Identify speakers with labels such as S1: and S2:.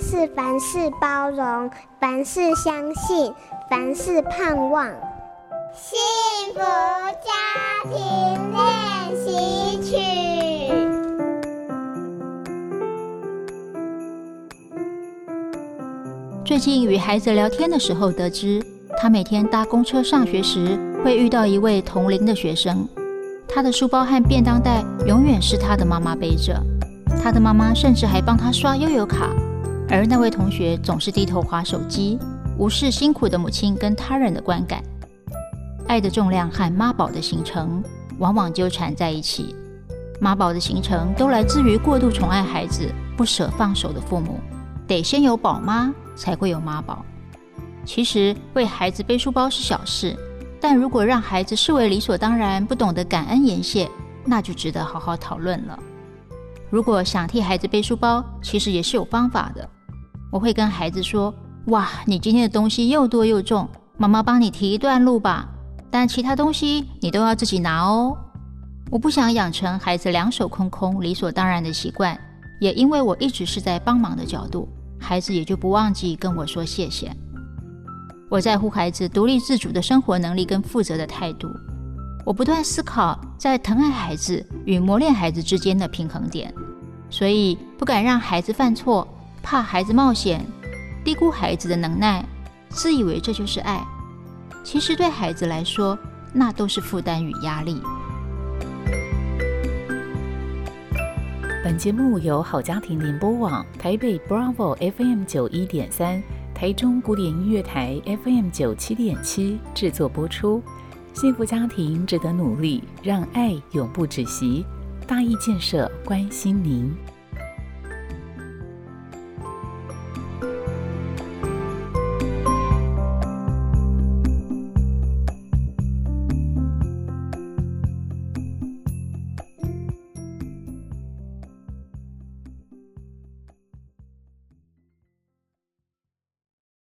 S1: 是凡事包容，凡事相信，凡事盼望。幸福家庭練習曲。
S2: 最近與孩子聊天的時候，得知他每天搭公車上學時，會遇到一位同齡的學生，他的書包和便當袋永遠是他的媽媽背着，他的媽媽甚至還幫他刷悠遊卡。而那位同學總是低頭滑手機，無視辛苦的母親跟他人的觀感。愛的重量和媽寶的形成往往糾纏在一起。媽寶的形成都來自於過度寵愛孩子、不捨放手的父母。得先有寶媽，才會有媽寶。其實為孩子背書包是小事，但如果讓孩子視為理所當然，不懂得感恩言謝，那就值得好好討論了。如果想替孩子背書包，其實也是有方法的。我會跟孩子說：“哇，你今天的東西又多又重，媽媽幫你提一段路吧。但其他東西你都要自己拿哦。”我不想養成孩子兩手空空、理所當然的習慣，也因為我一直是在幫忙的角度，孩子也就不忘記跟我說謝謝。我在乎孩子獨立自主的生活能力跟負責的態度，我不斷思考在疼愛孩子與磨練孩子之間的平衡點，所以不敢讓孩子犯錯。怕孩子冒險，低估孩子的能耐，自以為這就是愛，其實對孩子來說，那都是負擔與壓力。
S3: 本節目由好家庭聯播網、台北 Bravo FM 九一點三、台中古典音樂台 FM 九七點七製作播出。幸福家庭值得努力，讓愛永不止息。大義建設關心您。